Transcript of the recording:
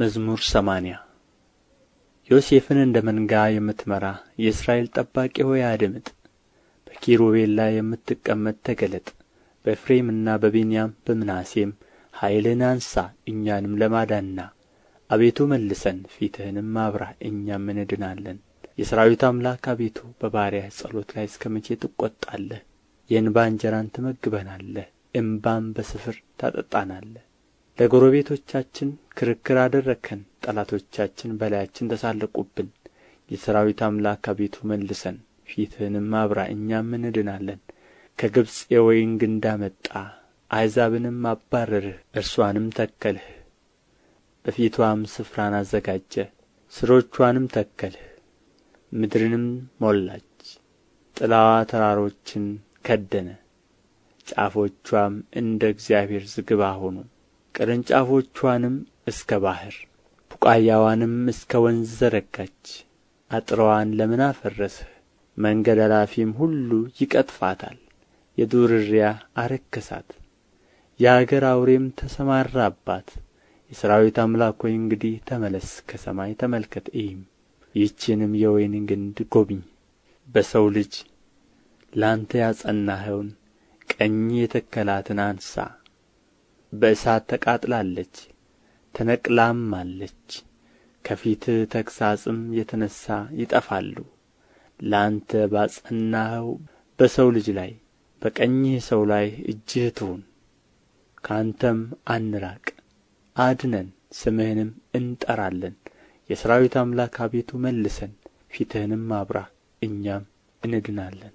መዝሙር ሰማንያ ዮሴፍን እንደ መንጋ የምትመራ የእስራኤል ጠባቂ ሆይ አድምጥ። በኪሩቤል ላይ የምትቀመጥ ተገለጥ። በኤፍሬምና በቢንያም በምናሴም ኃይልህን አንሣ፣ እኛንም ለማዳና አቤቱ መልሰን፣ ፊትህንም አብራ፣ እኛም እንድናለን። የሠራዊት አምላክ አቤቱ በባሪያህ ጸሎት ላይ እስከ መቼ ትቈጣለህ? የእንባ እንጀራን ትመግበናለህ፣ እምባም በስፍር ታጠጣናለህ። ለጎረቤቶቻችን ክርክር አደረከን፣ ጠላቶቻችን በላያችን ተሳለቁብን የሠራዊት አምላክ አቤቱ መልሰን ፊትህንም አብራ እኛም እንድናለን ከግብጽ የወይን ግንድ አመጣ፣ አሕዛብንም አባረርህ እርሷንም ተከልህ በፊቷም ስፍራን አዘጋጀ ሥሮቿንም ተከልህ ምድርንም ሞላች ጥላዋ ተራሮችን ከደነ ጫፎቿም እንደ እግዚአብሔር ዝግባ ሆኑ ቅርንጫፎችዋንም እስከ ባሕር ቡቃያዋንም እስከ ወንዝ ዘረጋች አጥረዋን ለምን አፈረስህ መንገድ አላፊም ሁሉ ይቀጥፋታል የዱር እሪያ አረከሳት የአገር አውሬም ተሰማራባት የሠራዊት አምላክ ሆይ እንግዲህ ተመለስ ከሰማይ ተመልከት እይም ይህችንም የወይን ግንድ ጐብኝ በሰው ልጅ ለአንተ ያጸናኸውን ቀኝ የተከላትን አንሣ በእሳት ተቃጥላለች ተነቅላማለች ከፊትህ ተግሣጽም የተነሣ ይጠፋሉ ለአንተ ባጸናኸው በሰው ልጅ ላይ በቀኝህ ሰው ላይ እጅህ ትሁን ከአንተም አንራቅ አድነን ስምህንም እንጠራለን የሠራዊት አምላክ አቤቱ መልሰን ፊትህንም አብራ እኛም እንድናለን